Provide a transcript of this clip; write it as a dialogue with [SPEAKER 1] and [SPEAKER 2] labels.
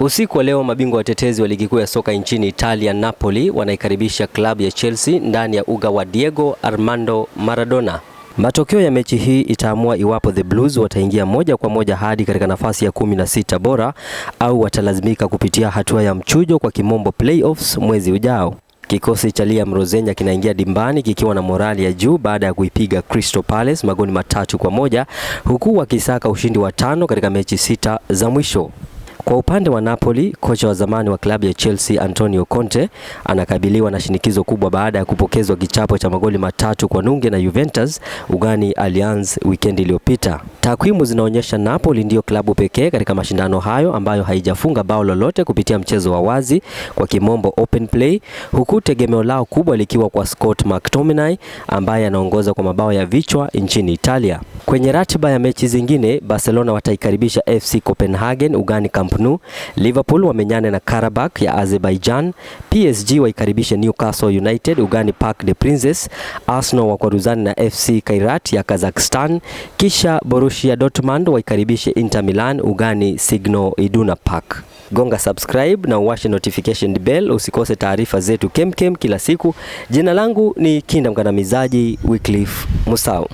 [SPEAKER 1] Usiku wa leo mabingwa watetezi wa ligi kuu ya soka nchini Italia Napoli wanaikaribisha klabu ya Chelsea ndani ya uga wa Diego Armando Maradona. Matokeo ya mechi hii itaamua iwapo the Blues wataingia moja kwa moja hadi katika nafasi ya kumi na sita bora au watalazimika kupitia hatua ya mchujo kwa kimombo playoffs mwezi ujao. Kikosi cha Liam Rosenya kinaingia dimbani kikiwa na morali ya juu baada ya kuipiga Crystal Palace magoli matatu kwa moja huku wakisaka ushindi wa tano katika mechi sita za mwisho. Kwa upande wa Napoli, kocha wa zamani wa klabu ya Chelsea Antonio Conte anakabiliwa na shinikizo kubwa baada ya kupokezwa kichapo cha magoli matatu kwa nunge na Juventus ugani Allianz wikendi iliyopita. Takwimu zinaonyesha Napoli ndiyo klabu pekee katika mashindano hayo ambayo haijafunga bao lolote kupitia mchezo wa wazi kwa kimombo open play, huku tegemeo lao kubwa likiwa kwa Scott McTominay ambaye anaongoza kwa mabao ya vichwa nchini Italia. Kwenye ratiba ya mechi zingine, Barcelona wataikaribisha FC Copenhagen ugani Camp Camp Nou, Liverpool wamenyane na Karabakh ya Azerbaijan, PSG waikaribishe Newcastle United ugani Park de Princes, Arsenal wakwaruzani na FC Kairat ya Kazakhstan, kisha Borussia Dortmund waikaribishe Inter Milan ugani Signal Iduna Park. Gonga subscribe na uwashe notification bell, usikose taarifa zetu kemkem kila siku. Jina langu ni Kinda Mkandamizaji Wycliffe Musau.